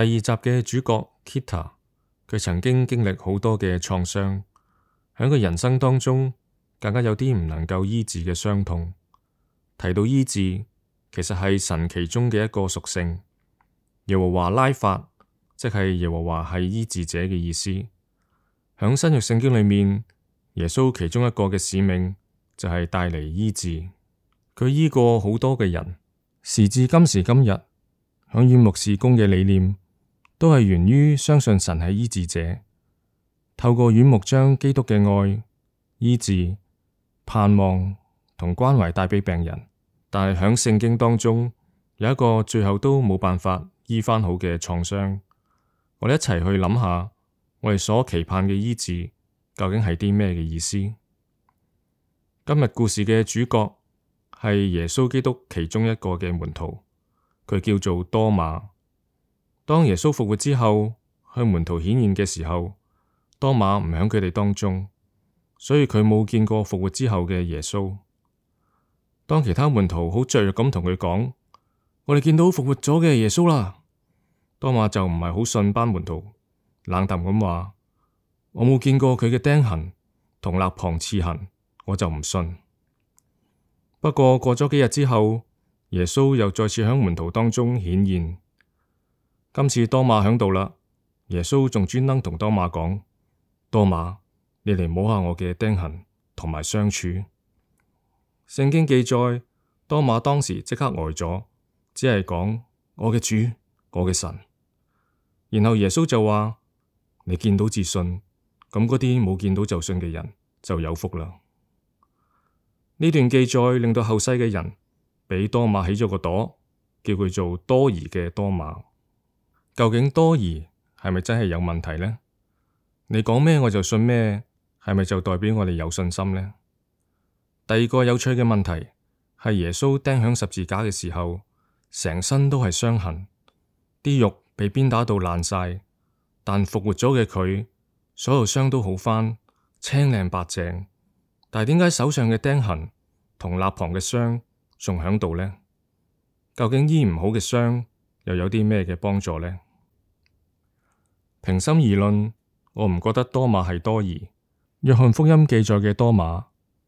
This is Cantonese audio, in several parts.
第二集嘅主角 Kita，佢曾經經歷好多嘅創傷，響佢人生當中更加有啲唔能夠醫治嘅傷痛。提到醫治，其實係神其中嘅一個屬性。耶和華拉法，即係耶和華係醫治者嘅意思。響新約聖經裏面，耶穌其中一個嘅使命就係帶嚟醫治，佢醫過好多嘅人。時至今時今日，響以牧事工嘅理念。都係源於相信神係醫治者，透過院牧將基督嘅愛、醫治、盼望同關懷帶畀病人。但係喺聖經當中有一個最後都冇辦法醫翻好嘅創傷，我哋一齊去諗下我哋所期盼嘅醫治究竟係啲咩嘅意思？今日故事嘅主角係耶穌基督其中一個嘅門徒，佢叫做多馬。當耶穌復活之後，向門徒顯現嘅時候，多馬唔喺佢哋當中，所以佢冇見過復活之後嘅耶穌。當其他門徒好雀躍咁同佢講：我哋見到復活咗嘅耶穌啦。多馬就唔係好信班門徒，冷淡咁話：我冇見過佢嘅釘痕同肋旁刺痕，我就唔信。不過過咗幾日之後，耶穌又再次喺門徒當中顯現。今次多馬響度啦，耶穌仲專登同多馬講：多馬，你嚟摸下我嘅釘痕同埋傷處。聖經記載，多馬當時即刻呆咗，只係講我嘅主，我嘅神。然後耶穌就話：你見到至信，咁嗰啲冇見到就信嘅人就有福啦。呢段記載令到後世嘅人畀多馬起咗個朵，叫佢做多疑嘅多馬。究竟多疑係咪真係有問題呢？你講咩我就信咩，係咪就代表我哋有信心呢？第二個有趣嘅問題係耶穌釘響十字架嘅時候，成身都係傷痕，啲肉被鞭打到爛晒，但復活咗嘅佢，所有傷都好翻，青靚白淨。但係點解手上嘅釘痕同肋旁嘅傷仲響度呢？究竟醫唔好嘅傷又有啲咩嘅幫助呢？平心而論，我唔覺得多馬係多疑。約翰福音記載嘅多馬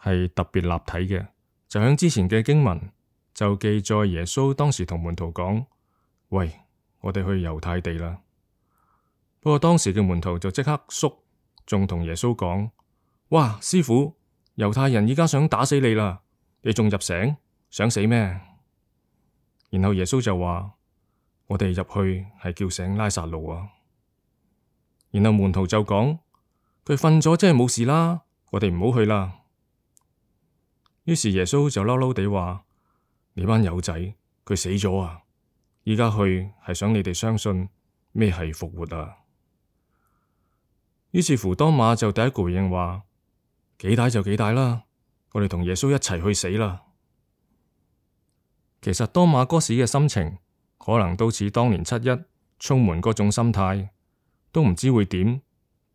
係特別立體嘅，就響之前嘅經文就記載耶穌當時同門徒講：喂，我哋去猶太地啦。不過當時嘅門徒就即刻縮，仲同耶穌講：哇，師傅，猶太人而家想打死你啦，你仲入城，想死咩？然後耶穌就話：我哋入去係叫醒拉撒路啊。然後門徒就講：佢瞓咗，即係冇事啦，我哋唔好去啦。於是耶穌就嬲嬲地話：你班友仔，佢死咗啊！依家去係想你哋相信咩係復活啊？於是乎，多馬就第一個回應話：幾大就幾大啦，我哋同耶穌一齊去死啦。其實多馬嗰時嘅心情，可能都似當年七一充滿各種心態。都唔知會點，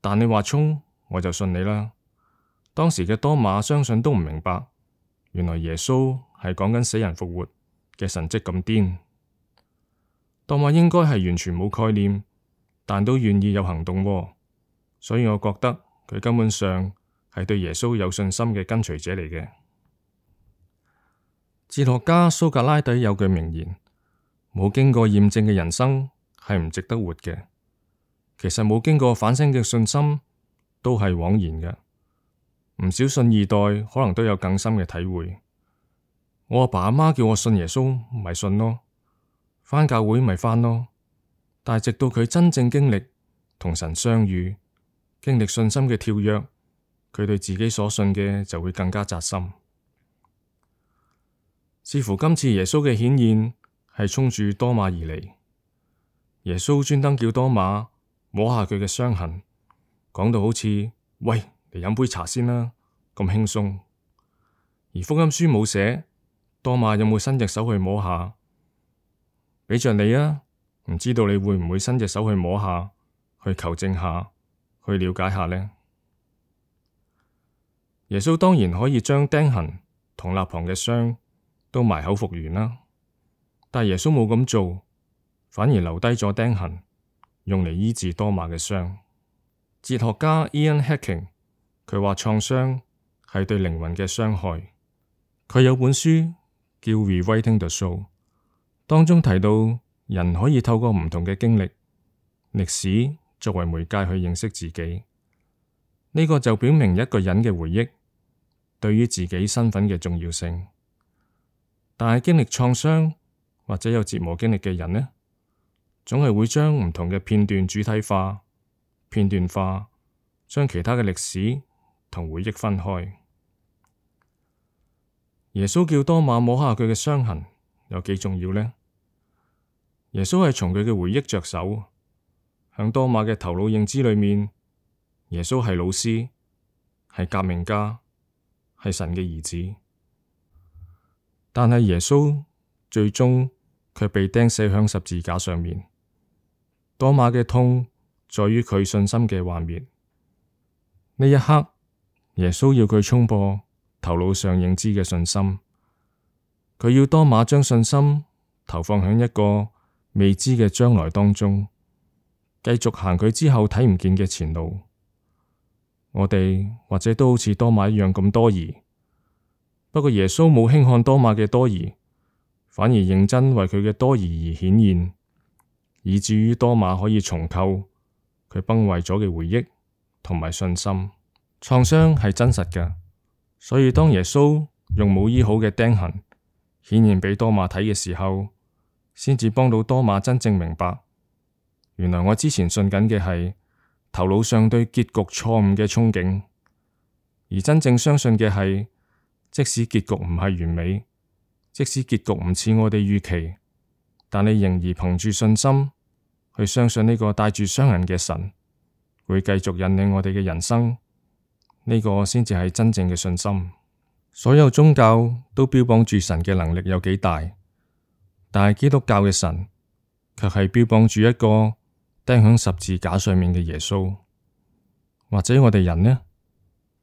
但你話衝，我就信你啦。當時嘅多馬相信都唔明白，原來耶穌係講緊死人復活嘅神跡咁癲。多馬應該係完全冇概念，但都願意有行動喎，所以我覺得佢根本上係對耶穌有信心嘅跟隨者嚟嘅。哲學家蘇格拉底有句名言，冇經過驗證嘅人生係唔值得活嘅。其實冇經過反省嘅信心都係枉然嘅。唔少信二代可能都有更深嘅體會。我阿爸阿媽叫我信耶穌，咪信咯，返教會咪返咯。但係直到佢真正經歷同神相遇，經歷信心嘅跳躍，佢對自己所信嘅就會更加扎心。似乎今次耶穌嘅顯現係衝住多馬而嚟，耶穌專登叫多馬。摸下佢嘅傷痕，講到好似喂，你飲杯茶先啦，咁輕鬆。而福音書冇寫多瑪有冇伸隻手去摸下，畀着你啊？唔知道你會唔會伸隻手去摸下，去求證下，去了解下呢。耶穌當然可以將釘痕同肋旁嘅傷都埋口復原啦，但耶穌冇咁做，反而留低咗釘痕。用嚟醫治多馬嘅傷。哲學家 Ian Hacking 佢話創傷係對靈魂嘅傷害。佢有本書叫《Rewriting the Soul》當中提到人可以透過唔同嘅經歷、歷史作為媒介去認識自己。呢、這個就表明一個人嘅回憶對於自己身份嘅重要性。但係經歷創傷或者有折磨經歷嘅人呢？總係會將唔同嘅片段主體化、片段化，將其他嘅歷史同回憶分開。耶穌叫多馬摸下佢嘅傷痕，有幾重要呢？耶穌係從佢嘅回憶着手，向多馬嘅頭腦認知裏面，耶穌係老師，係革命家，係神嘅兒子。但係耶穌最終卻被釘死響十字架上面。多馬嘅痛在於佢信心嘅幻滅，呢一刻耶穌要佢沖破頭腦上認知嘅信心，佢要多馬將信心投放響一個未知嘅將來當中，繼續行佢之後睇唔見嘅前路。我哋或者都好似多馬一樣咁多疑，不過耶穌冇輕看多馬嘅多疑，反而認真為佢嘅多疑而顯現。以至於多馬可以重構佢崩壞咗嘅回憶同埋信心，創傷係真實嘅。所以當耶穌用冇醫好嘅釘痕，顯現俾多馬睇嘅時候，先至幫到多馬真正明白，原來我之前信緊嘅係頭腦上對結局錯誤嘅憧憬，而真正相信嘅係即使結局唔係完美，即使結局唔似我哋預期，但你仍然憑住信心，去相信呢個帶住傷痕嘅神會繼續引領我哋嘅人生，呢個先至係真正嘅信心。所有宗教都標榜住神嘅能力有幾大，但係基督教嘅神卻係標榜住一個釘響十字架上面嘅耶穌，或者我哋人呢，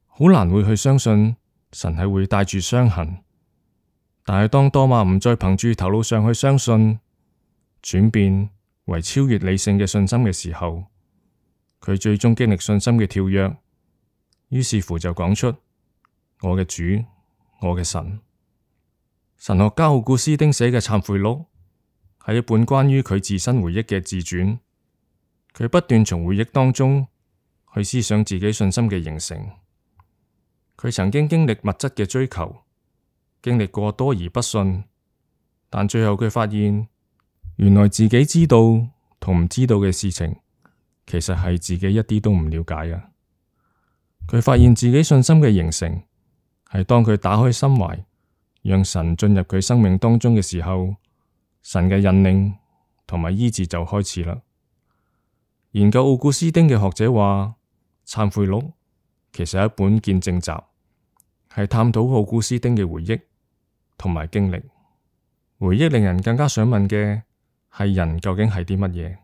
好難會去相信神係會帶住傷痕。但係當多馬唔再憑住頭腦上去相信，轉變。為超越理性嘅信心嘅時候，佢最終經歷信心嘅跳躍，於是乎就講出我嘅主，我嘅神。神學家奧古斯丁寫嘅《懺悔錄》係一本關於佢自身回憶嘅自傳，佢不斷從回憶當中去思想自己信心嘅形成。佢曾經經歷物質嘅追求，經歷過多而不信，但最後佢發現。原來自己知道同唔知道嘅事情，其實係自己一啲都唔了解㗎！佢發現自己信心嘅形成，係當佢打開心懷，讓神進入佢生命當中嘅時候，神嘅引領同埋醫治就開始啦。研究奧古斯丁嘅學者話，《懺悔錄》其實係一本見證集，係探討奧古斯丁嘅回憶同埋經歷。回憶令人更加想問嘅。係人究竟係啲乜嘢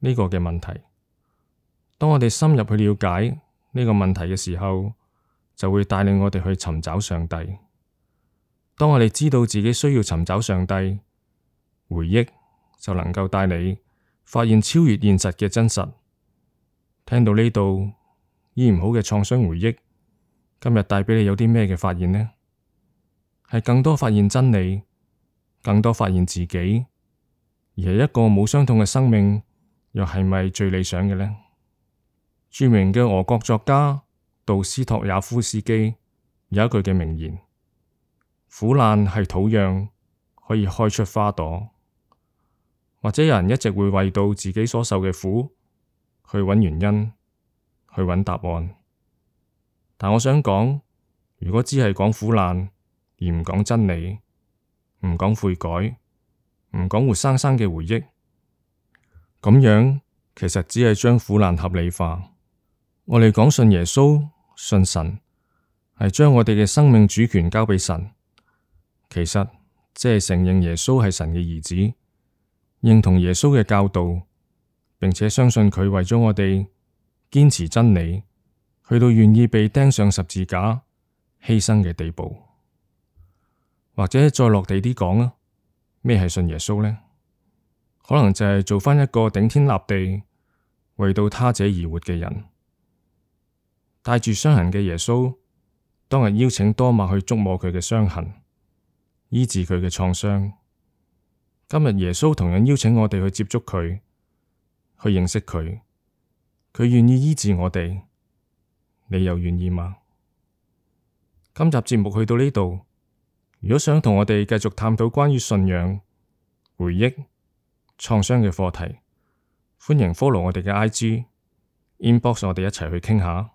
呢個嘅問題？當我哋深入去了解呢個問題嘅時候，就會帶領我哋去尋找上帝。當我哋知道自己需要尋找上帝，回憶就能夠帶你發現超越現實嘅真實。聽到呢度醫唔好嘅創傷回憶，今日帶俾你有啲咩嘅發現呢？係更多發現真理，更多發現自己。而係一個冇傷痛嘅生命，又係咪最理想嘅呢？著名嘅俄國作家杜斯托也夫斯基有一句嘅名言：苦難係土壤，可以開出花朵。或者有人一直會為到自己所受嘅苦去揾原因，去揾答案。但我想講，如果只係講苦難而唔講真理，唔講悔改，唔講活生生嘅回憶，咁樣其實只係將苦難合理化。我哋講信耶穌、信神，係將我哋嘅生命主權交俾神。其實即係承認耶穌係神嘅兒子，認同耶穌嘅教導，並且相信佢為咗我哋堅持真理，去到願意被釘上十字架犧牲嘅地步，或者再落地啲講啊！咩係信耶穌呢？可能就係做翻一個頂天立地、為到他者而活嘅人，帶住傷痕嘅耶穌，當日邀請多馬去觸摸佢嘅傷痕，醫治佢嘅創傷。今日耶穌同樣邀請我哋去接觸佢，去認識佢。佢願意醫治我哋，你又願意嗎？今集節目去到呢度。如果想同我哋繼續探討關於信仰、回憶、創傷嘅課題，歡迎 follow 我哋嘅 IG inbox，我哋一齊去傾下。